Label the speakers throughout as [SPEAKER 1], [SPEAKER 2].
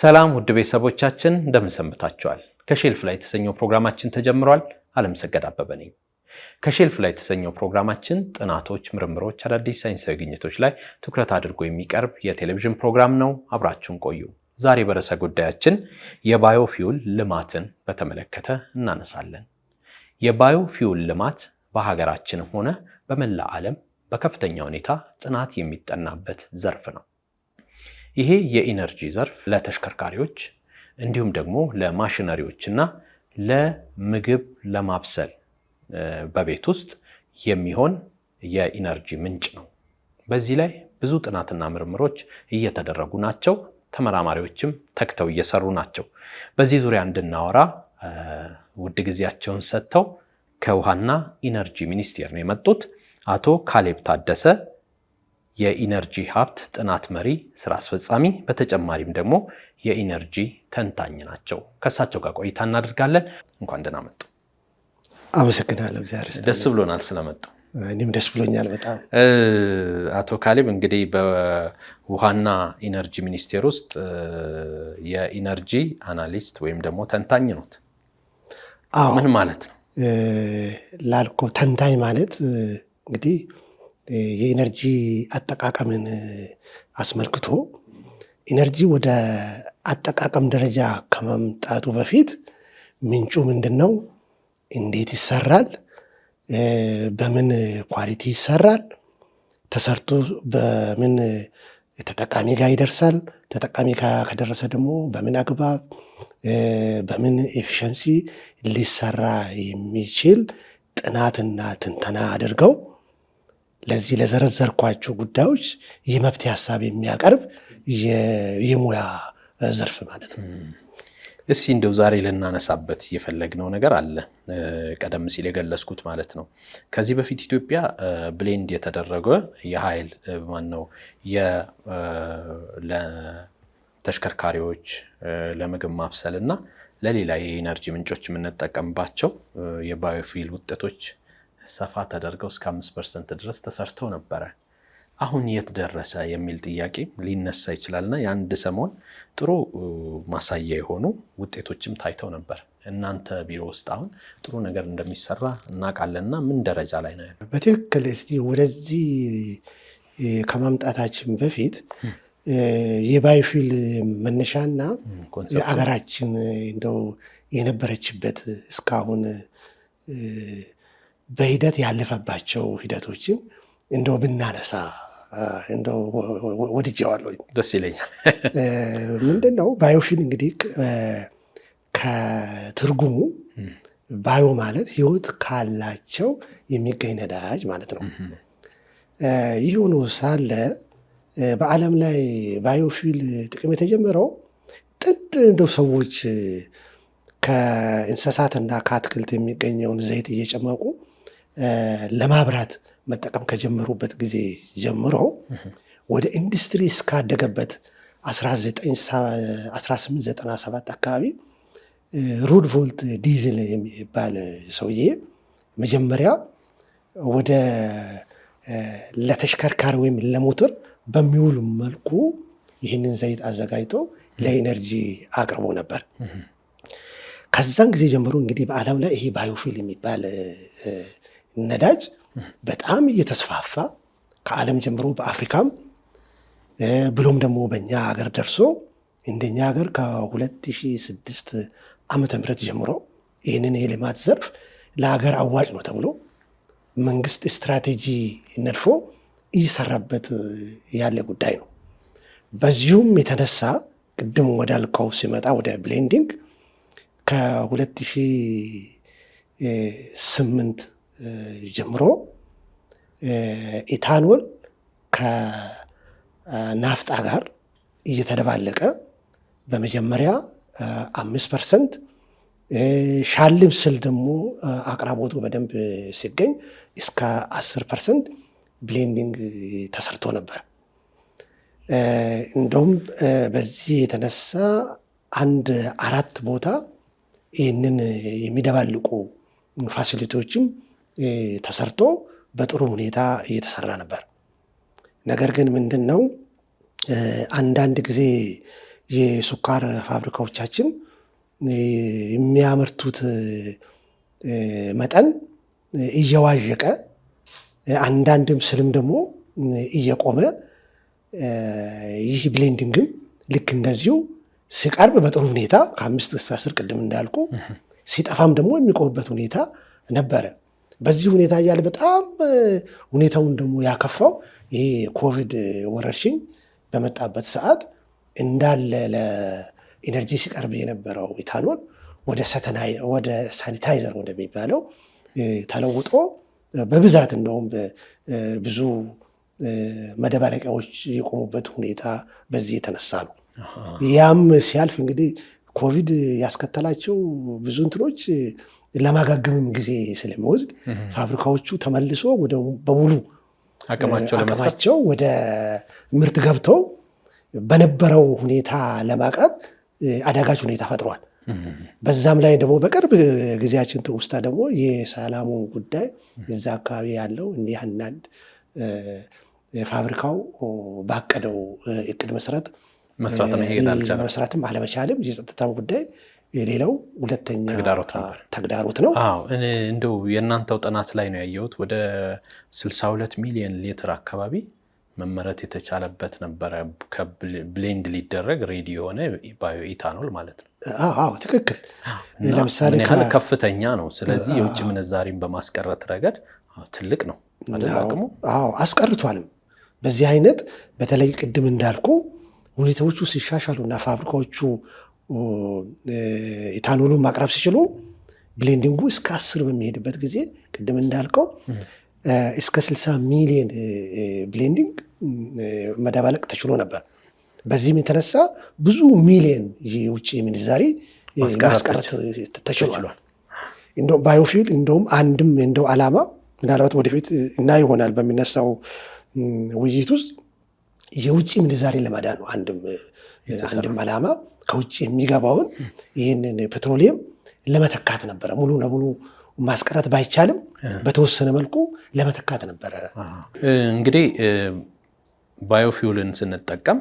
[SPEAKER 1] ሰላም ውድ ቤተሰቦቻችን እንደምን ሰንብታችኋል? ከሼልፍ ላይ የተሰኘው ፕሮግራማችን ተጀምሯል። አለምሰገድ አበበ ነኝ። ከሼልፍ ላይ የተሰኘው ፕሮግራማችን ጥናቶች፣ ምርምሮች፣ አዳዲስ ሳይንሳዊ ግኝቶች ላይ ትኩረት አድርጎ የሚቀርብ የቴሌቪዥን ፕሮግራም ነው። አብራችሁን ቆዩ። ዛሬ በርዕሰ ጉዳያችን የባዮፊውል ልማትን በተመለከተ እናነሳለን። የባዮፊውል ልማት በሀገራችንም ሆነ በመላ ዓለም በከፍተኛ ሁኔታ ጥናት የሚጠናበት ዘርፍ ነው። ይሄ የኢነርጂ ዘርፍ ለተሽከርካሪዎች እንዲሁም ደግሞ ለማሽነሪዎች እና ለምግብ ለማብሰል በቤት ውስጥ የሚሆን የኢነርጂ ምንጭ ነው። በዚህ ላይ ብዙ ጥናትና ምርምሮች እየተደረጉ ናቸው። ተመራማሪዎችም ተክተው እየሰሩ ናቸው። በዚህ ዙሪያ እንድናወራ ውድ ጊዜያቸውን ሰጥተው ከውሃና ኢነርጂ ሚኒስቴር ነው የመጡት አቶ ካሌብ ታደሰ የኢነርጂ ሀብት ጥናት መሪ ስራ አስፈጻሚ፣ በተጨማሪም ደግሞ የኢነርጂ ተንታኝ ናቸው። ከእሳቸው ጋር ቆይታ እናደርጋለን። እንኳን ደህና መጡ። አመሰግናለሁ። እግዚአብሔር
[SPEAKER 2] ደስ ብሎናል ስለመጡ።
[SPEAKER 1] እኔም ደስ ብሎኛል በጣም።
[SPEAKER 2] አቶ ካሌብ እንግዲህ በውሃና ኢነርጂ ሚኒስቴር ውስጥ የኢነርጂ አናሊስት ወይም ደግሞ ተንታኝ ኖት። ምን ማለት ነው
[SPEAKER 1] ላልኮ ተንታኝ ማለት እንግዲህ የኢነርጂ አጠቃቀምን አስመልክቶ ኢነርጂ ወደ አጠቃቀም ደረጃ ከመምጣቱ በፊት ምንጩ ምንድን ነው? እንዴት ይሰራል? በምን ኳሊቲ ይሰራል? ተሰርቶ በምን ተጠቃሚ ጋር ይደርሳል? ተጠቃሚ ከደረሰ ደግሞ በምን አግባብ በምን ኤፊሸንሲ ሊሰራ የሚችል ጥናትና ትንተና አድርገው ለዚህ ለዘረዘርኳቸው ጉዳዮች የመፍትሄ ሀሳብ የሚያቀርብ የሙያ ዘርፍ ማለት ነው።
[SPEAKER 2] እስኪ እንደው ዛሬ ልናነሳበት የፈለግነው ነገር አለ። ቀደም ሲል የገለጽኩት ማለት ነው። ከዚህ በፊት ኢትዮጵያ ብሌንድ የተደረገ የኃይል ነው ለተሽከርካሪዎች ለምግብ ማብሰል እና ለሌላ የኢነርጂ ምንጮች የምንጠቀምባቸው የባዮፊል ውጤቶች ሰፋ ተደርገው እስከ አምስት ፐርሰንት ድረስ ተሰርተው ነበረ። አሁን የት ደረሰ የሚል ጥያቄ ሊነሳ ይችላል እና የአንድ ሰሞን ጥሩ ማሳያ የሆኑ ውጤቶችም ታይተው ነበር። እናንተ ቢሮ ውስጥ አሁን ጥሩ ነገር እንደሚሰራ እናውቃለን እና ምን ደረጃ ላይ ነው?
[SPEAKER 1] በትክክል እስቲ ወደዚህ ከማምጣታችን በፊት የባዮፊል መነሻና አገራችን እንደው የነበረችበት እስካሁን በሂደት ያለፈባቸው ሂደቶችን እንደው ብናነሳ እንደው ወድጀዋለሁ፣ ደስ ይለኛል። ምንድን ነው ባዮፊል እንግዲህ ከትርጉሙ ባዮ ማለት ህይወት ካላቸው የሚገኝ ነዳጅ ማለት ነው። ይህ ሆኖ ሳለ በዓለም ላይ ባዮፊል ጥቅም የተጀመረው ጥንት እንደው ሰዎች ከእንስሳትና ከአትክልት የሚገኘውን ዘይት እየጨመቁ ለማብራት መጠቀም ከጀመሩበት ጊዜ ጀምሮ ወደ ኢንዱስትሪ እስካደገበት 1897 አካባቢ ሩድቮልት ዲዝል የሚባል ሰውዬ መጀመሪያ ወደ ለተሽከርካሪ ወይም ለሞተር በሚውል መልኩ ይህንን ዘይት አዘጋጅቶ ለኤነርጂ አቅርቦ ነበር። ከዛን ጊዜ ጀምሮ እንግዲህ በዓለም ላይ ይሄ ባዮፊል የሚባል ነዳጅ በጣም እየተስፋፋ ከዓለም ጀምሮ በአፍሪካም ብሎም ደግሞ በእኛ ሀገር ደርሶ እንደኛ ሀገር ከ2006 ዓመተ ምህረት ጀምሮ ይህንን የልማት ዘርፍ ለሀገር አዋጭ ነው ተብሎ መንግስት ስትራቴጂ ነድፎ እየሰራበት ያለ ጉዳይ ነው። በዚሁም የተነሳ ቅድም ወዳልከው ሲመጣ ወደ ብሌንዲንግ ከ2008 ጀምሮ ኢታኖል ከናፍጣ ጋር እየተደባለቀ በመጀመሪያ አምስት ፐርሰንት ሻልም ስል ደግሞ አቅራቦቱ በደንብ ሲገኝ እስከ አስር ፐርሰንት ብሌንዲንግ ተሰርቶ ነበር። እንደውም በዚህ የተነሳ አንድ አራት ቦታ ይህንን የሚደባልቁ ፋሲሊቲዎችም ተሰርቶ በጥሩ ሁኔታ እየተሰራ ነበር። ነገር ግን ምንድን ነው አንዳንድ ጊዜ የስኳር ፋብሪካዎቻችን የሚያመርቱት መጠን እየዋዠቀ አንዳንድም ስልም ደግሞ እየቆመ ይህ ብሌንዲንግም ልክ እንደዚሁ ሲቀርብ በጥሩ ሁኔታ ከአምስት እስከ አስር ቅድም እንዳልኩ ሲጠፋም ደግሞ የሚቆምበት ሁኔታ ነበረ። በዚህ ሁኔታ እያለ በጣም ሁኔታውን ደግሞ ያከፋው ይሄ ኮቪድ ወረርሽኝ በመጣበት ሰዓት እንዳለ ለኢነርጂ ሲቀርብ የነበረው ኢታኖል ወደ ሳኒታይዘር ወደሚባለው ተለውጦ በብዛት እንደውም ብዙ መደባለቂያዎች የቆሙበት ሁኔታ በዚህ የተነሳ ነው። ያም ሲያልፍ እንግዲህ ኮቪድ ያስከተላቸው ብዙ እንትኖች ለማጋገምም ጊዜ ስለሚወስድ ፋብሪካዎቹ ተመልሶ በሙሉ አቅማቸው ወደ ምርት ገብተው በነበረው ሁኔታ ለማቅረብ አዳጋች ሁኔታ ፈጥሯል። በዛም ላይ ደግሞ በቅርብ ጊዜያችን ትውስታ ደግሞ የሰላሙ ጉዳይ እዛ አካባቢ ያለው እንዲህ አንዳንድ ፋብሪካው ባቀደው እቅድ መሰረት መስራትም አለመቻልም የጸጥታም ጉዳይ የሌላው ሁለተኛ ተግዳሮት ነው።
[SPEAKER 2] እንደው የእናንተው ጥናት ላይ ነው ያየሁት ወደ 62 ሚሊዮን ሊትር አካባቢ መመረት የተቻለበት ነበረ። ብሌንድ ሊደረግ ሬዲ የሆነ ባዮ ኢታኖል ማለት
[SPEAKER 1] ነው። ትክክል።
[SPEAKER 2] ለምሳሌ ከፍተኛ ነው። ስለዚህ የውጭ ምንዛሪን በማስቀረት ረገድ ትልቅ ነው።
[SPEAKER 1] አዎ አስቀርቷልም። በዚህ አይነት በተለይ ቅድም እንዳልኩ ሁኔታዎቹ ሲሻሻሉና ፋብሪካዎቹ ኢታኖሉን ማቅረብ ሲችሉ ብሌንዲንጉ እስከ አስር በሚሄድበት ጊዜ ቅድም እንዳልከው እስከ 60 ሚሊዮን ብሌንዲንግ መደባለቅ ተችሎ ነበር። በዚህም የተነሳ ብዙ ሚሊዮን የውጭ ምንዛሪ ማስቀረት ተችሏል። እንደ ባዮፊል እንደውም አንድም እንደው አላማ ምናልባት ወደፊት እና ይሆናል በሚነሳው ውይይት ውስጥ የውጭ ምንዛሬ ለማዳን ነው። አንድም አላማ ከውጭ የሚገባውን ይህንን ፔትሮሊየም ለመተካት ነበረ። ሙሉ ለሙሉ ማስቀረት ባይቻልም በተወሰነ መልኩ ለመተካት ነበረ።
[SPEAKER 2] እንግዲህ ባዮፊውልን ስንጠቀም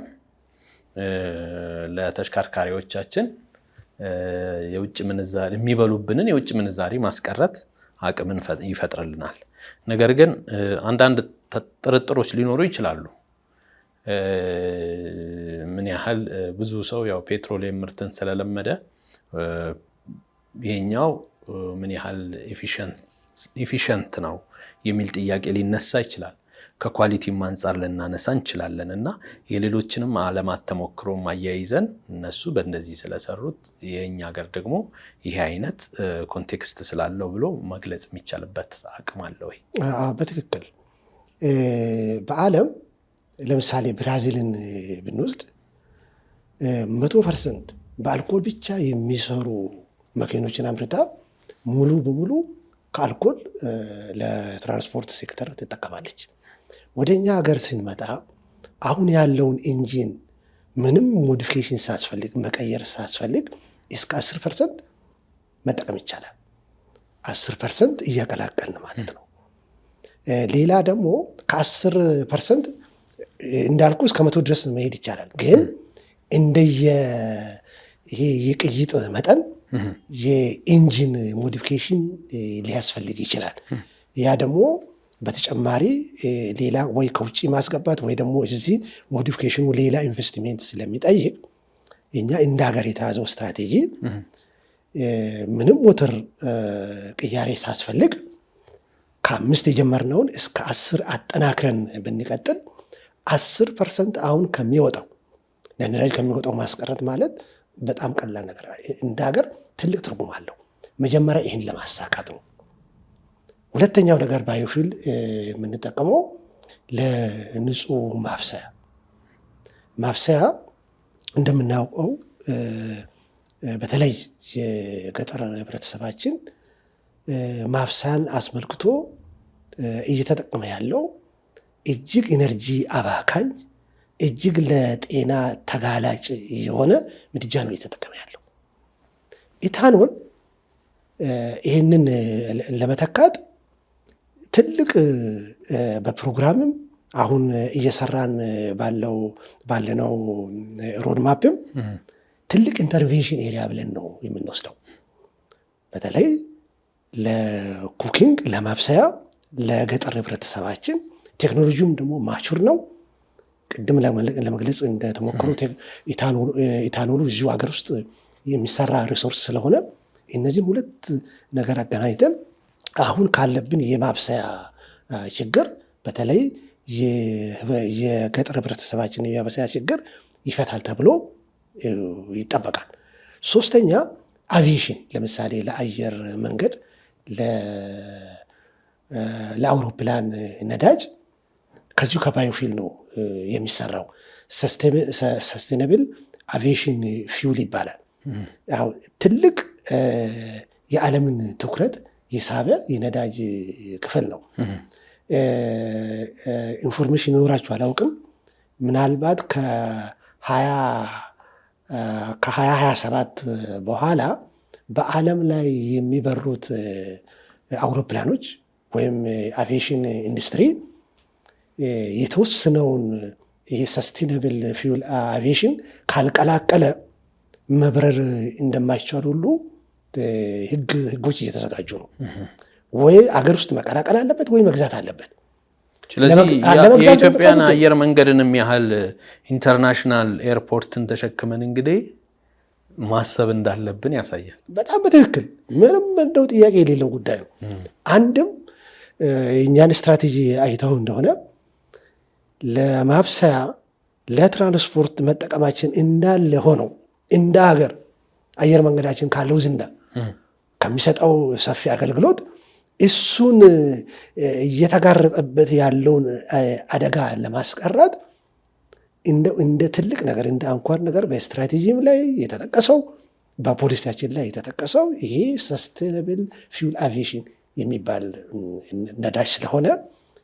[SPEAKER 2] ለተሽከርካሪዎቻችን የውጭ ምንዛሪ የሚበሉብንን የውጭ ምንዛሪ ማስቀረት አቅምን ይፈጥርልናል። ነገር ግን አንዳንድ ጥርጥሮች ሊኖሩ ይችላሉ። ምን ያህል ብዙ ሰው ያው ፔትሮሊየም ምርትን ስለለመደ ይሄኛው ምን ያህል ኢፊሸንት ነው የሚል ጥያቄ ሊነሳ ይችላል። ከኳሊቲም አንጻር ልናነሳ እንችላለን እና የሌሎችንም ዓለማት ተሞክሮም አያይዘን እነሱ በእንደዚህ ስለሰሩት የእኛ ሀገር ደግሞ ይሄ አይነት ኮንቴክስት ስላለው ብሎ መግለጽ የሚቻልበት አቅም አለ ወይ?
[SPEAKER 1] በትክክል በዓለም ለምሳሌ ብራዚልን ብንወስድ መቶ ፐርሰንት በአልኮል ብቻ የሚሰሩ መኪኖችን አምርታ ሙሉ በሙሉ ከአልኮል ለትራንስፖርት ሴክተር ትጠቀማለች። ወደ እኛ ሀገር ስንመጣ አሁን ያለውን ኢንጂን ምንም ሞዲፊኬሽን ሳስፈልግ መቀየር ሳስፈልግ እስከ አስር ፐርሰንት መጠቀም ይቻላል። አስር ፐርሰንት እያቀላቀልን ማለት ነው። ሌላ ደግሞ ከአስር ፐርሰንት እንዳልኩ እስከ መቶ ድረስ መሄድ ይቻላል። ግን እንደየ ይሄ የቅይጥ መጠን የኢንጂን ሞዲፊኬሽን ሊያስፈልግ ይችላል። ያ ደግሞ በተጨማሪ ሌላ ወይ ከውጭ ማስገባት ወይ ደግሞ እዚህ ሞዲፊኬሽኑ ሌላ ኢንቨስትሜንት ስለሚጠይቅ እኛ እንደ ሀገር የተያዘው ስትራቴጂ ምንም ሞተር ቅያሬ ሳስፈልግ ከአምስት የጀመርነውን እስከ አስር አጠናክረን ብንቀጥል አስር ፐርሰንት አሁን ከሚወጣው ለነዳጅ ከሚወጣው ማስቀረት ማለት በጣም ቀላል ነገር እንደ ሀገር ትልቅ ትርጉም አለው። መጀመሪያ ይህን ለማሳካት ነው። ሁለተኛው ነገር ባዮፊል የምንጠቀመው ለንጹህ ማብሰያ ማብሰያ እንደምናውቀው በተለይ የገጠር ህብረተሰባችን ማብሰያን አስመልክቶ እየተጠቀመ ያለው እጅግ ኢነርጂ አባካኝ፣ እጅግ ለጤና ተጋላጭ የሆነ ምድጃ ነው እየተጠቀመ ያለው። ኢታኖል ይህንን ለመተካት ትልቅ በፕሮግራምም አሁን እየሰራን ባለው ባለነው ሮድማፕም ትልቅ ኢንተርቬንሽን ኤሪያ ብለን ነው የምንወስደው። በተለይ ለኩኪንግ ለማብሰያ ለገጠር ህብረተሰባችን ቴክኖሎጂውም ደግሞ ማቹር ነው። ቅድም ለመግለጽ እንደተሞከሩ ኢታኖሉ እዚሁ ሀገር ውስጥ የሚሰራ ሪሶርስ ስለሆነ እነዚህም ሁለት ነገር አገናኝተን አሁን ካለብን የማብሰያ ችግር በተለይ የገጠር ህብረተሰባችን የማብሰያ ችግር ይፈታል ተብሎ ይጠበቃል። ሶስተኛ አቪዬሽን ለምሳሌ ለአየር መንገድ ለአውሮፕላን ነዳጅ ከዚሁ ከባዮፊል ነው የሚሰራው። ሰስቴነብል አቪዬሽን ፊውል ይባላል። ትልቅ የዓለምን ትኩረት የሳበ የነዳጅ ክፍል ነው። ኢንፎርሜሽን ይኖራችሁ አላውቅም። ምናልባት ከሀያ ሀያ ሰባት በኋላ በዓለም ላይ የሚበሩት አውሮፕላኖች ወይም አቪዬሽን ኢንዱስትሪ የተወሰነውን ይሄ ሰስቴነብል ፊውል አቪዬሽን ካልቀላቀለ መብረር እንደማይቻል ሁሉ ህግ ህጎች እየተዘጋጁ ነው። ወይ አገር ውስጥ መቀላቀል አለበት ወይ መግዛት አለበት።
[SPEAKER 2] ስለዚህ የኢትዮጵያን አየር መንገድንም ያህል ኢንተርናሽናል ኤርፖርትን ተሸክመን እንግዲህ ማሰብ እንዳለብን ያሳያል።
[SPEAKER 1] በጣም በትክክል ምንም እንደው ጥያቄ የሌለው ጉዳይ ነው። አንድም የእኛን ስትራቴጂ አይተው እንደሆነ ለማብሰያ፣ ለትራንስፖርት መጠቀማችን እንዳለ ሆነው እንደ ሀገር አየር መንገዳችን ካለው ዝንዳ ከሚሰጠው ሰፊ አገልግሎት እሱን እየተጋረጠበት ያለውን አደጋ ለማስቀረት እንደ ትልቅ ነገር እንደ አንኳር ነገር በስትራቴጂም ላይ የተጠቀሰው በፖሊሲያችን ላይ የተጠቀሰው ይሄ ሰስቴነብል ፊውል አቪዬሽን የሚባል ነዳጅ ስለሆነ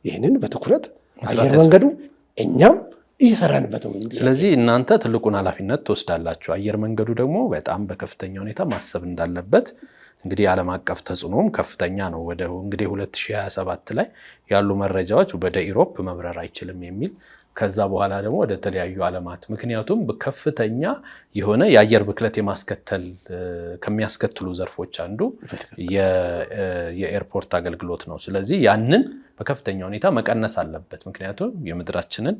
[SPEAKER 1] ይህንን በትኩረት አየር መንገዱ እኛም እየሰራንበት ነው።
[SPEAKER 2] ስለዚህ እናንተ ትልቁን ኃላፊነት ትወስዳላችሁ። አየር መንገዱ ደግሞ በጣም በከፍተኛ ሁኔታ ማሰብ እንዳለበት እንግዲህ የዓለም አቀፍ ተጽዕኖም ከፍተኛ ነው። ወደ እንግዲህ 2027 ላይ ያሉ መረጃዎች ወደ ኢሮፕ መብረር አይችልም የሚል ከዛ በኋላ ደግሞ ወደ ተለያዩ ዓለማት ምክንያቱም ከፍተኛ የሆነ የአየር ብክለት የማስከተል ከሚያስከትሉ ዘርፎች አንዱ የኤርፖርት አገልግሎት ነው። ስለዚህ ያንን በከፍተኛ ሁኔታ መቀነስ አለበት። ምክንያቱም የምድራችንን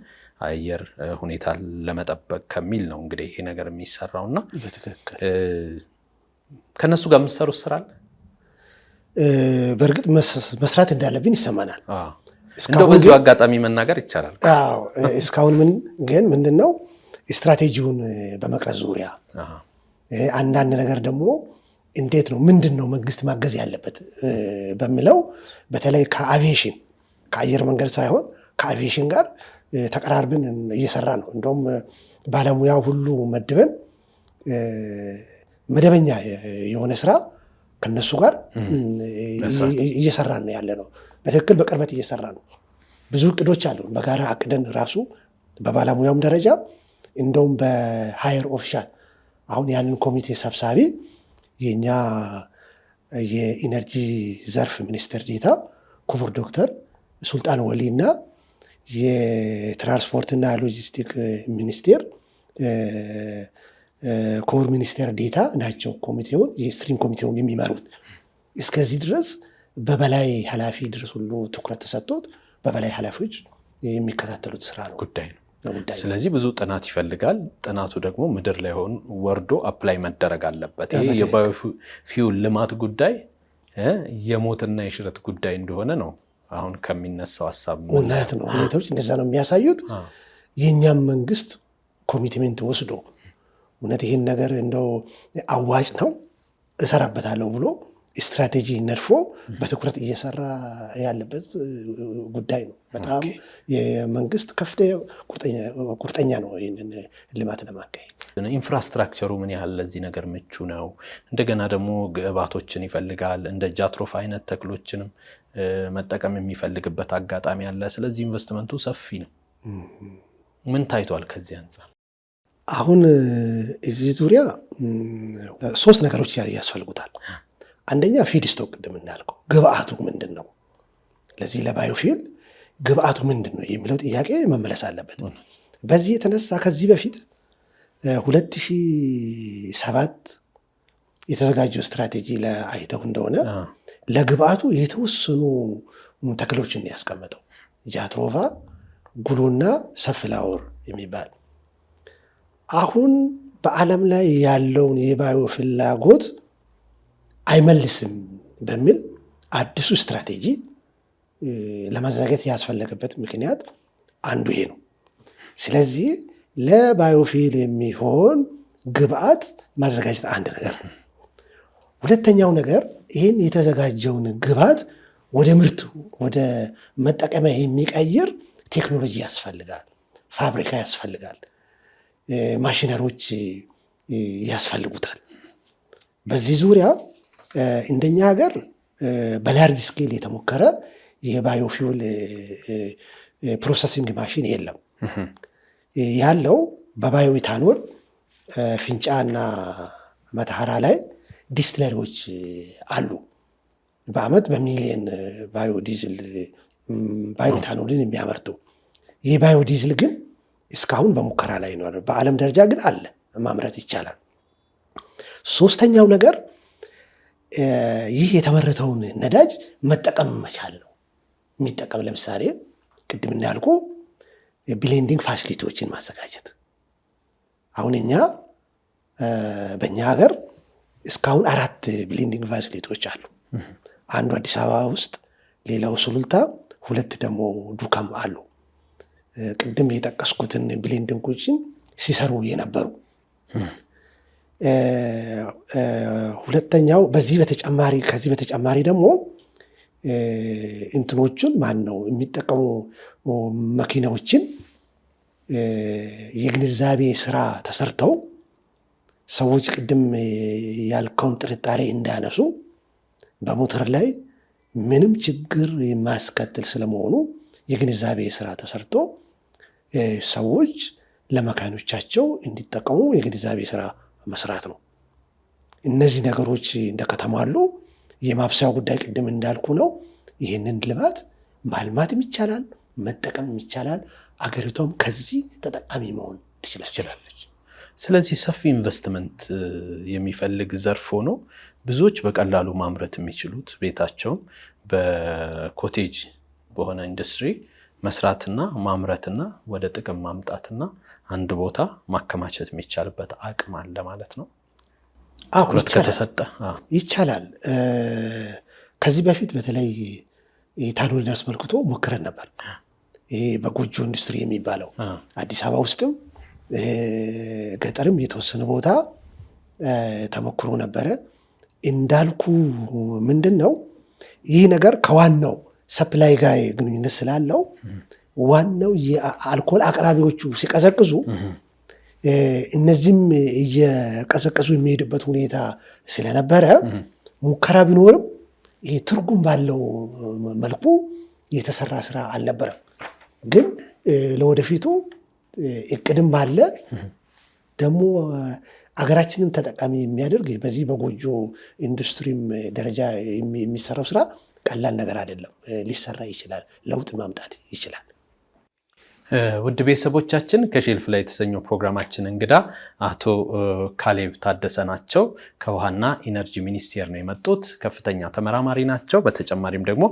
[SPEAKER 2] አየር ሁኔታ ለመጠበቅ ከሚል ነው እንግዲህ ይሄ ነገር የሚሰራውና ከነሱ ጋር የምትሰሩት ስራ አለ?
[SPEAKER 1] በእርግጥ መስራት እንዳለብን ይሰማናል።
[SPEAKER 2] እንደው በዚሁ አጋጣሚ መናገር ይቻላል።
[SPEAKER 1] እስካሁን ምን ግን ምንድነው ስትራቴጂውን በመቅረጽ ዙሪያ አንዳንድ ነገር ደግሞ እንዴት ነው ምንድን ነው መንግስት ማገዝ ያለበት በሚለው በተለይ ከአቪዬሽን ከአየር መንገድ ሳይሆን ከአቪዬሽን ጋር ተቀራርብን እየሰራ ነው። እንደውም ባለሙያ ሁሉ መድበን መደበኛ የሆነ ስራ ከነሱ ጋር እየሰራ ነው ያለ ነው። በትክክል በቅርበት እየሰራ ነው። ብዙ እቅዶች አሉ በጋራ አቅደን ራሱ በባለሙያውም ደረጃ እንደውም በሀየር ኦፊሻል አሁን ያንን ኮሚቴ ሰብሳቢ የእኛ የኢነርጂ ዘርፍ ሚኒስትር ዴታ ክቡር ዶክተር ሱልጣን ወሊ እና የትራንስፖርትና ሎጂስቲክ ሚኒስቴር ኮር ሚኒስቴር ዴታ ናቸው ኮሚቴውን የስትሪም ኮሚቴውን የሚመሩት። እስከዚህ ድረስ በበላይ ኃላፊ ድረስ ሁሉ ትኩረት ተሰጥቶት በበላይ ኃላፊዎች የሚከታተሉት ስራ ነው
[SPEAKER 2] ጉዳይ ነው። ስለዚህ ብዙ ጥናት ይፈልጋል። ጥናቱ ደግሞ ምድር ላይ ሆን ወርዶ አፕላይ መደረግ አለበት። ይሄ የባዮፊውል ልማት ጉዳይ የሞትና የሽረት ጉዳይ እንደሆነ ነው አሁን ከሚነሳው ሀሳብ
[SPEAKER 1] እውነት ነው። ሁኔታዎች እንደዛ ነው የሚያሳዩት። የእኛም መንግስት ኮሚትሜንት ወስዶ እውነት ይህን ነገር እንደው አዋጭ ነው እሰራበታለሁ ብሎ ስትራቴጂ ነድፎ በትኩረት እየሰራ ያለበት ጉዳይ ነው። በጣም የመንግስት ከፍተኛ ቁርጠኛ ነው ይህንን ልማት ለማካሄድ።
[SPEAKER 2] ኢንፍራስትራክቸሩ ምን ያህል ለዚህ ነገር ምቹ ነው? እንደገና ደግሞ ግብዓቶችን ይፈልጋል። እንደ ጃትሮፍ አይነት ተክሎችንም መጠቀም የሚፈልግበት አጋጣሚ አለ። ስለዚህ ኢንቨስትመንቱ ሰፊ ነው። ምን ታይቷል ከዚህ አንጻር?
[SPEAKER 1] አሁን እዚህ ዙሪያ ሶስት ነገሮች ያስፈልጉታል። አንደኛ ፊድ ስቶክ ቅድም እንዳልከው ግብአቱ ምንድን ነው? ለዚህ ለባዮፊል ግብአቱ ምንድን ነው የሚለው ጥያቄ መመለስ አለበት። በዚህ የተነሳ ከዚህ በፊት 2007 የተዘጋጀው ስትራቴጂ ለአይተው እንደሆነ ለግብአቱ የተወሰኑ ተክሎችን ያስቀመጠው ጃትሮቫ፣ ጉሎና ሰፍላወር የሚባል አሁን በዓለም ላይ ያለውን የባዮ ፍላጎት አይመልስም በሚል አዲሱ ስትራቴጂ ለመዘጋጀት ያስፈለገበት ምክንያት አንዱ ይሄ ነው። ስለዚህ ለባዮፊል የሚሆን ግብአት ማዘጋጀት አንድ ነገር ሁለተኛው ነገር ይህን የተዘጋጀውን ግብአት ወደ ምርት ወደ መጠቀሚያ የሚቀይር ቴክኖሎጂ ያስፈልጋል፣ ፋብሪካ ያስፈልጋል። ማሽነሮች ያስፈልጉታል። በዚህ ዙሪያ እንደኛ ሀገር በላርጅ ስኬል የተሞከረ የባዮፊውል ፕሮሰሲንግ ማሽን የለም። ያለው በባዮ ኢታኖል ፊንጫና መተሐራ ላይ ዲስትለሪዎች አሉ። በአመት በሚሊየን ባዮ ዲዝል ባዮ ኢታኖልን የሚያመርቱ ይህ ባዮ ዲዝል ግን እስካሁን በሙከራ ላይ ነው። በዓለም ደረጃ ግን አለ፣ ማምረት ይቻላል። ሶስተኛው ነገር ይህ የተመረተውን ነዳጅ መጠቀም መቻል ነው። የሚጠቀም ለምሳሌ ቅድም እንዳልኩ ብሌንዲንግ ፋሲሊቲዎችን ማዘጋጀት። አሁን እኛ በእኛ ሀገር እስካሁን አራት ብሌንዲንግ ፋሲሊቲዎች አሉ። አንዱ አዲስ አበባ ውስጥ፣ ሌላው ሱሉልታ፣ ሁለት ደግሞ ዱከም አሉ። ቅድም የጠቀስኩትን ብሌንዲንጎችን ሲሰሩ የነበሩ ሁለተኛው በዚህ በተጨማሪ ከዚህ በተጨማሪ ደግሞ እንትኖቹን ማን ነው የሚጠቀሙ መኪናዎችን የግንዛቤ ስራ ተሰርተው ሰዎች ቅድም ያልከውን ጥርጣሬ እንዳያነሱ በሞተር ላይ ምንም ችግር የማያስከትል ስለመሆኑ የግንዛቤ ስራ ተሰርቶ ሰዎች ለመካኖቻቸው እንዲጠቀሙ የግንዛቤ ስራ መስራት ነው። እነዚህ ነገሮች እንደ ከተማ አሉ። የማብሰያ ጉዳይ ቅድም እንዳልኩ ነው። ይህንን ልማት ማልማትም ይቻላል፣ መጠቀምም ይቻላል። አገሪቷም ከዚህ ተጠቃሚ መሆን ትችላለች።
[SPEAKER 2] ስለዚህ ሰፊ ኢንቨስትመንት የሚፈልግ ዘርፍ ሆኖ ብዙዎች በቀላሉ ማምረት የሚችሉት ቤታቸውም በኮቴጅ በሆነ ኢንዱስትሪ መስራትና ማምረትና ወደ ጥቅም ማምጣትና አንድ ቦታ ማከማቸት የሚቻልበት አቅም አለ ማለት ነው።
[SPEAKER 1] ትኩረት ከተሰጠ ይቻላል። ከዚህ በፊት በተለይ ኢታኖልን አስመልክቶ ሞክረን ነበር። ይሄ በጎጆ ኢንዱስትሪ የሚባለው አዲስ አበባ ውስጥም ገጠርም የተወሰነ ቦታ ተሞክሮ ነበረ። እንዳልኩ ምንድን ነው ይህ ነገር ከዋናው ሰፕላይ ጋር ግንኙነት ስላለው ዋናው የአልኮል አቅራቢዎቹ ሲቀዘቅዙ እነዚህም እየቀዘቀዙ የሚሄድበት ሁኔታ ስለነበረ ሙከራ ቢኖርም ይሄ ትርጉም ባለው መልኩ የተሰራ ስራ አልነበረም። ግን ለወደፊቱ እቅድም አለ ደግሞ አገራችንም ተጠቃሚ የሚያደርግ በዚህ በጎጆ ኢንዱስትሪም ደረጃ የሚሰራው ስራ ቀላል ነገር አይደለም። ሊሰራ ይችላል። ለውጥ ማምጣት ይችላል።
[SPEAKER 2] ውድ ቤተሰቦቻችን ከሼልፍ ላይ የተሰኘው ፕሮግራማችን እንግዳ አቶ ካሌብ ታደሰ ናቸው። ከውሃና ኢነርጂ ሚኒስቴር ነው የመጡት። ከፍተኛ ተመራማሪ ናቸው። በተጨማሪም ደግሞ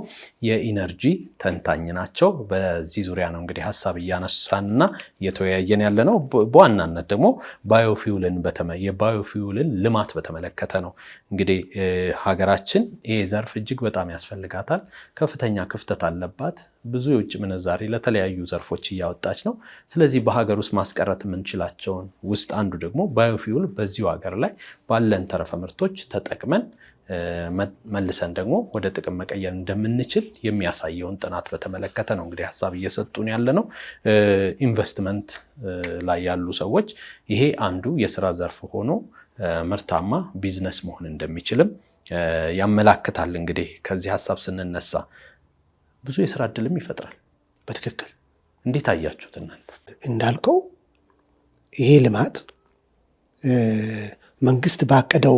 [SPEAKER 2] የኢነርጂ ተንታኝ ናቸው። በዚህ ዙሪያ ነው እንግዲህ ሀሳብ እያነሳንና እየተወያየን ያለ ነው። በዋናነት ደግሞ ባዮፊውልን የባዮፊውልን ልማት በተመለከተ ነው። እንግዲህ ሀገራችን ይሄ ዘርፍ እጅግ በጣም ያስፈልጋታል። ከፍተኛ ክፍተት አለባት። ብዙ የውጭ ምንዛሬ ለተለያዩ ዘርፎች እያወጣች ነው። ስለዚህ በሀገር ውስጥ ማስቀረት የምንችላቸውን ውስጥ አንዱ ደግሞ ባዮፊውል በዚሁ ሀገር ላይ ባለን ተረፈ ምርቶች ተጠቅመን መልሰን ደግሞ ወደ ጥቅም መቀየር እንደምንችል የሚያሳየውን ጥናት በተመለከተ ነው እንግዲህ ሀሳብ እየሰጡን ያለ ነው። ኢንቨስትመንት ላይ ያሉ ሰዎች ይሄ አንዱ የስራ ዘርፍ ሆኖ ምርታማ ቢዝነስ መሆን እንደሚችልም ያመላክታል። እንግዲህ ከዚህ ሀሳብ ስንነሳ ብዙ የስራ እድልም ይፈጥራል። በትክክል እንዴት አያችሁት እናንተ?
[SPEAKER 1] እንዳልከው ይሄ ልማት መንግስት ባቀደው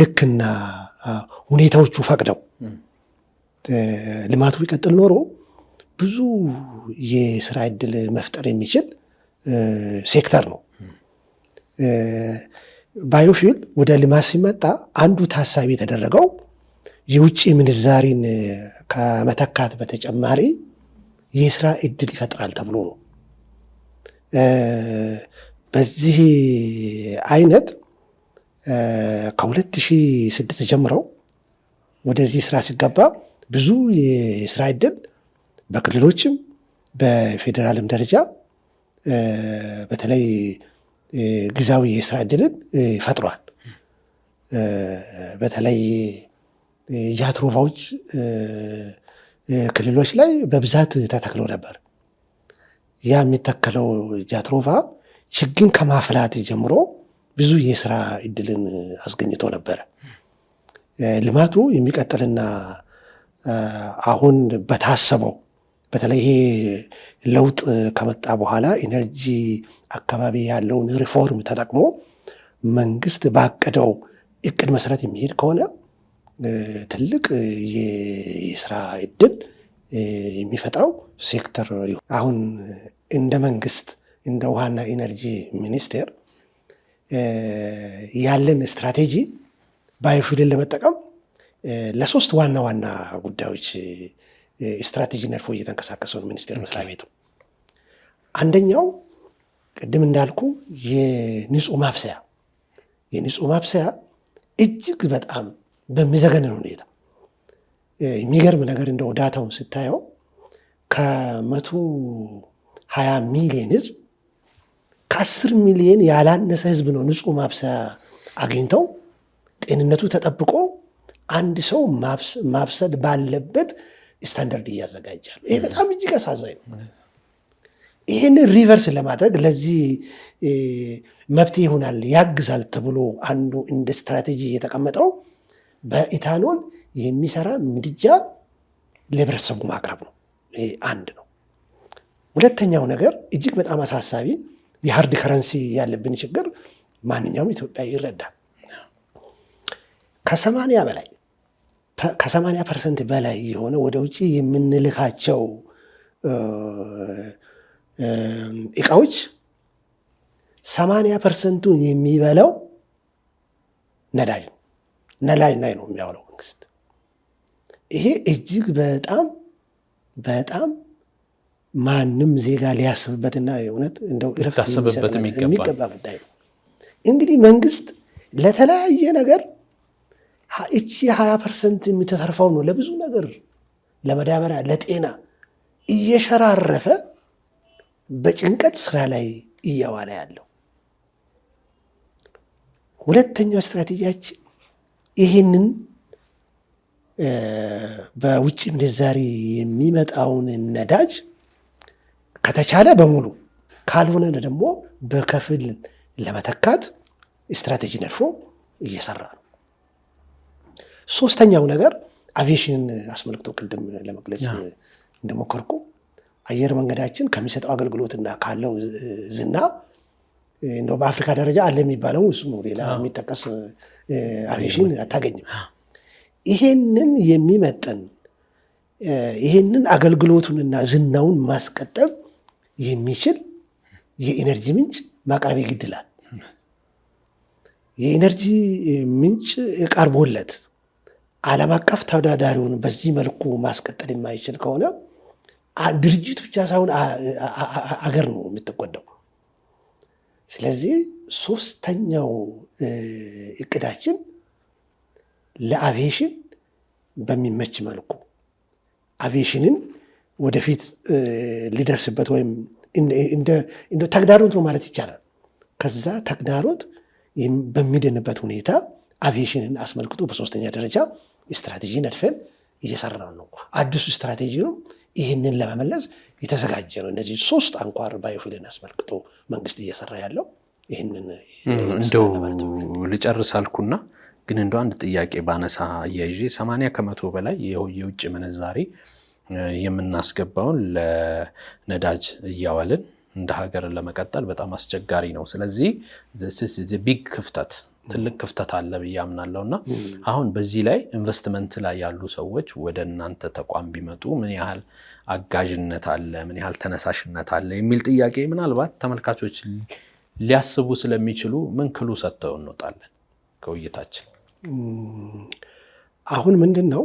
[SPEAKER 1] ልክና ሁኔታዎቹ ፈቅደው ልማቱ ቢቀጥል ኖሮ ብዙ የስራ እድል መፍጠር የሚችል ሴክተር ነው። ባዮፊል ወደ ልማት ሲመጣ አንዱ ታሳቢ የተደረገው የውጭ ምንዛሪን ከመተካት በተጨማሪ የስራ እድል ይፈጥራል ተብሎ ነው። በዚህ አይነት ከ2006 ጀምረው ወደዚህ ስራ ሲገባ ብዙ የስራ እድል በክልሎችም በፌዴራልም ደረጃ በተለይ ጊዜያዊ የስራ እድልን ፈጥሯል። በተለይ ጃትሮቫዎች ክልሎች ላይ በብዛት ተተክሎ ነበር። ያ የሚተከለው ጃትሮቫ ችግኝ ከማፍላት ጀምሮ ብዙ የስራ እድልን አስገኝቶ ነበረ። ልማቱ የሚቀጥልና አሁን በታሰበው በተለይ ይሄ ለውጥ ከመጣ በኋላ ኢነርጂ አካባቢ ያለውን ሪፎርም ተጠቅሞ መንግስት ባቀደው እቅድ መሰረት የሚሄድ ከሆነ ትልቅ የስራ እድል የሚፈጥረው ሴክተር አሁን እንደ መንግስት እንደ ውሃና ኢነርጂ ሚኒስቴር ያለን ስትራቴጂ ባዮፊልን ለመጠቀም ለሶስት ዋና ዋና ጉዳዮች ስትራቴጂ ነድፎ እየተንቀሳቀሰውን ሚኒስቴር መስሪያ ቤቱ አንደኛው ቅድም እንዳልኩ የንጹህ ማብሰያ የንጹህ ማብሰያ እጅግ በጣም በሚዘገንን ሁኔታ የሚገርም ነገር እንደ ዳታውን ስታየው ከመቶ ሀያ ሚሊየን ህዝብ ከአስር ሚሊየን ያላነሰ ህዝብ ነው ንጹህ ማብሰያ አግኝተው ጤንነቱ ተጠብቆ አንድ ሰው ማብሰል ባለበት ስታንዳርድ እያዘጋጃል። ይሄ በጣም እጅግ አሳዛኝ ነው። ይህንን ሪቨርስ ለማድረግ ለዚህ መፍትሄ ይሆናል ያግዛል ተብሎ አንዱ እንደ ስትራቴጂ የተቀመጠው በኢታኖል የሚሰራ ምድጃ ለህብረተሰቡ ማቅረብ ነው። አንድ ነው። ሁለተኛው ነገር እጅግ በጣም አሳሳቢ የሀርድ ከረንሲ ያለብን ችግር ማንኛውም ኢትዮጵያ ይረዳል። ከሰማንያ በላይ ከሰማንያ ፐርሰንት በላይ የሆነ ወደ ውጭ የምንልካቸው እቃዎች ሰማንያ ፐርሰንቱን የሚበላው ነዳጅ ነው። ነላይ ናይ ነው የሚያውለው መንግስት። ይሄ እጅግ በጣም በጣም ማንም ዜጋ ሊያስብበትና እውነት እንደው
[SPEAKER 2] ረፍት የሚገባ
[SPEAKER 1] ጉዳይ ነው። እንግዲህ መንግስት ለተለያየ ነገር እቺ ሀያ ፐርሰንት የሚተሰርፈው ነው ለብዙ ነገር ለመዳበሪያ፣ ለጤና እየሸራረፈ በጭንቀት ስራ ላይ እያዋለ ያለው ሁለተኛው ስትራቴጂያችን ይህንን በውጭ ምንዛሪ የሚመጣውን ነዳጅ ከተቻለ በሙሉ ካልሆነ ደግሞ በከፊል ለመተካት ስትራቴጂ ነድፎ እየሰራ ነው። ሶስተኛው ነገር አቪዬሽንን አስመልክቶ ቅድም ለመግለጽ እንደሞከርኩ አየር መንገዳችን ከሚሰጠው አገልግሎትና ካለው ዝና እንደው በአፍሪካ ደረጃ አለ የሚባለው እሱ ሌላ የሚጠቀስ አቪዬሽን አታገኝም። ይሄንን የሚመጥን ይሄንን አገልግሎቱንና ዝናውን ማስቀጠል የሚችል የኢነርጂ ምንጭ ማቅረብ ይግድላል። የኢነርጂ ምንጭ ቀርቦለት ዓለም አቀፍ ተወዳዳሪውን በዚህ መልኩ ማስቀጠል የማይችል ከሆነ ድርጅቱ ብቻ ሳይሆን አገር ነው የምትጎዳው። ስለዚህ ሶስተኛው እቅዳችን ለአቪዬሽን በሚመች መልኩ አቪዬሽንን ወደፊት ሊደርስበት ወይም እንደ ተግዳሮት ነው ማለት ይቻላል። ከዛ ተግዳሮት በሚድንበት ሁኔታ አቪዬሽንን አስመልክቶ በሶስተኛ ደረጃ ስትራቴጂ ነድፈን እየሰራ ነው። አዲሱ ስትራቴጂ ነው። ይህንን ለመመለስ የተዘጋጀ ነው። እነዚህ ሶስት አንኳር ባዮፊልን አስመልክቶ መንግስት እየሰራ ያለው
[SPEAKER 2] ይህንን እንደው ልጨርስ አልኩና ግን እንደ አንድ ጥያቄ ባነሳ አያይዤ ሰማንያ ከመቶ በላይ የውጭ ምንዛሬ የምናስገባውን ለነዳጅ እያዋልን እንደ ሀገር ለመቀጠል በጣም አስቸጋሪ ነው። ስለዚህ ቢግ ክፍተት ትልቅ ክፍተት አለ ብዬ አምናለሁ እና አሁን በዚህ ላይ ኢንቨስትመንት ላይ ያሉ ሰዎች ወደ እናንተ ተቋም ቢመጡ ምን ያህል አጋዥነት አለ፣ ምን ያህል ተነሳሽነት አለ የሚል ጥያቄ ምናልባት ተመልካቾች ሊያስቡ ስለሚችሉ ምን ክሉ ሰጥተው እንወጣለን ከውይይታችን።
[SPEAKER 1] አሁን ምንድን ነው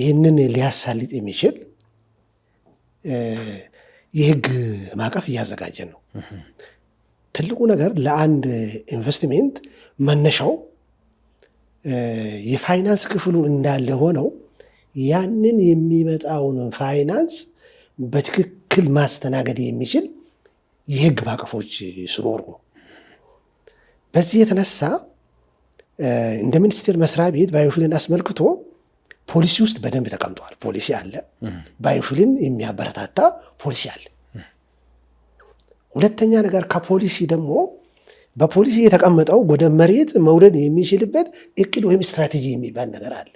[SPEAKER 1] ይህንን ሊያሳልጥ የሚችል የህግ ማዕቀፍ እያዘጋጀ ነው። ትልቁ ነገር ለአንድ ኢንቨስትሜንት መነሻው የፋይናንስ ክፍሉ እንዳለ ሆነው ያንን የሚመጣውን ፋይናንስ በትክክል ማስተናገድ የሚችል የህግ ማዕቀፎች ሲኖሩ በዚህ የተነሳ እንደ ሚኒስቴር መስሪያ ቤት ባዮፊልን አስመልክቶ ፖሊሲ ውስጥ በደንብ ተቀምጠዋል። ፖሊሲ አለ። ባዮፊልን የሚያበረታታ ፖሊሲ አለ። ሁለተኛ ነገር ከፖሊሲ ደግሞ በፖሊሲ የተቀመጠው ወደ መሬት መውረድ የሚችልበት እቅድ ወይም ስትራቴጂ የሚባል ነገር አለ።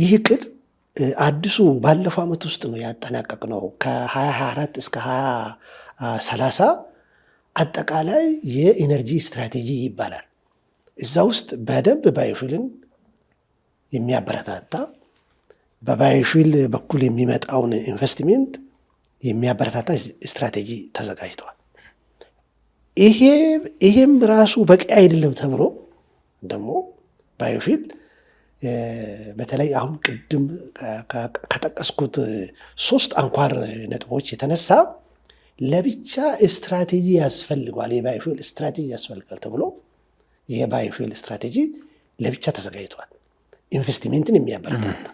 [SPEAKER 1] ይህ እቅድ አዲሱ ባለፈው ዓመት ውስጥ ነው ነው ከ ከ2024 እስከ 2030 አጠቃላይ የኢነርጂ ስትራቴጂ ይባላል። እዛ ውስጥ በደንብ ባዮፊልን የሚያበረታታ በባዮፊል በኩል የሚመጣውን ኢንቨስትሜንት የሚያበረታታ ስትራቴጂ ተዘጋጅተዋል። ይሄም ራሱ በቂ አይደለም ተብሎ ደግሞ ባዮፊል በተለይ አሁን ቅድም ከጠቀስኩት ሶስት አንኳር ነጥቦች የተነሳ ለብቻ ስትራቴጂ ያስፈልገዋል፣ የባዮፊል ስትራቴጂ ያስፈልጋል ተብሎ ባዮፊል ስትራቴጂ ለብቻ ተዘጋጅተዋል። ኢንቨስትሜንትን የሚያበረታታ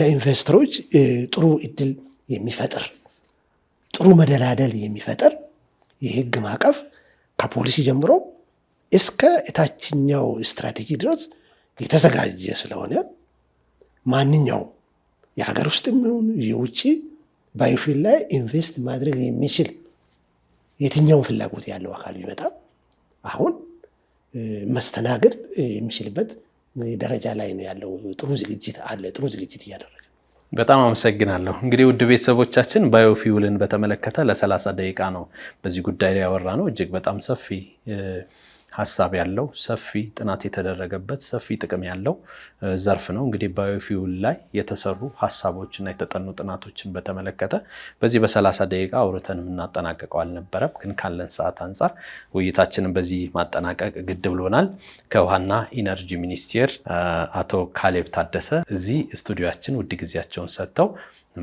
[SPEAKER 1] ለኢንቨስተሮች ጥሩ እድል የሚፈጥር ጥሩ መደላደል የሚፈጥር የህግ ማዕቀፍ ከፖሊሲ ጀምሮ እስከ የታችኛው ስትራቴጂ ድረስ የተዘጋጀ ስለሆነ ማንኛው የሀገር ውስጥም ይሁን የውጭ ባዮፊል ላይ ኢንቨስት ማድረግ የሚችል የትኛውን ፍላጎት ያለው አካል ቢመጣ አሁን መስተናገድ የሚችልበት ደረጃ ላይ ነው ያለው። ጥሩ ዝግጅት አለ። ጥሩ ዝግጅት እያደረገ
[SPEAKER 2] በጣም አመሰግናለሁ። እንግዲህ ውድ ቤተሰቦቻችን ባዮፊውልን በተመለከተ ለ30 ደቂቃ ነው በዚህ ጉዳይ ላይ ያወራ ነው። እጅግ በጣም ሰፊ ሀሳብ ያለው ሰፊ ጥናት የተደረገበት ሰፊ ጥቅም ያለው ዘርፍ ነው። እንግዲህ ባዮፊውል ላይ የተሰሩ ሀሳቦች እና የተጠኑ ጥናቶችን በተመለከተ በዚህ በሰላሳ ደቂቃ አውርተን የምናጠናቀቀው አልነበረም፣ ግን ካለን ሰዓት አንጻር ውይይታችንን በዚህ ማጠናቀቅ ግድ ብሎናል። ከውሃና ኢነርጂ ሚኒስቴር አቶ ካሌብ ታደሰ እዚህ ስቱዲዮችን ውድ ጊዜያቸውን ሰጥተው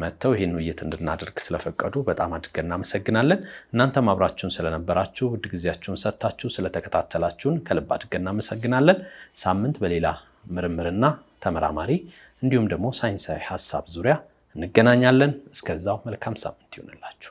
[SPEAKER 2] መጥተው ይህን ውይይት እንድናደርግ ስለፈቀዱ በጣም አድርገን እናመሰግናለን። እናንተም አብራችሁን ስለነበራችሁ ውድ ጊዜያችሁን ሰጥታችሁ ስለተከታተላችሁን ከልብ አድርገን እናመሰግናለን። ሳምንት በሌላ ምርምርና ተመራማሪ እንዲሁም ደግሞ ሳይንሳዊ ሀሳብ ዙሪያ እንገናኛለን። እስከዛው መልካም ሳምንት ይሆንላችሁ።